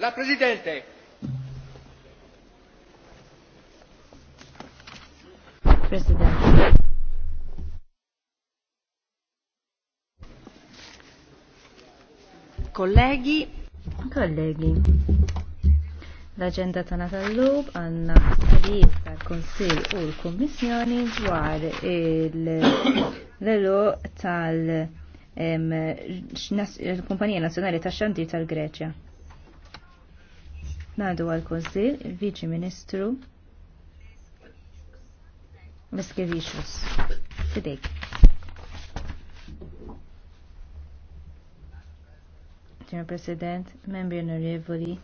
La Presidente. Presidente. Colleghi. Colleghi. L-agenda ta' natallub għanna tarijiet tal-Konsil u l-Kommissjoni dwar l lelu tal kompanija Nazjonali ta' Xandir tal-Greċja. Nadu għal-Konsil, il-Viċi Ministru, Miskevicius. Fidejk. Signor Presidente, membri onorevoli,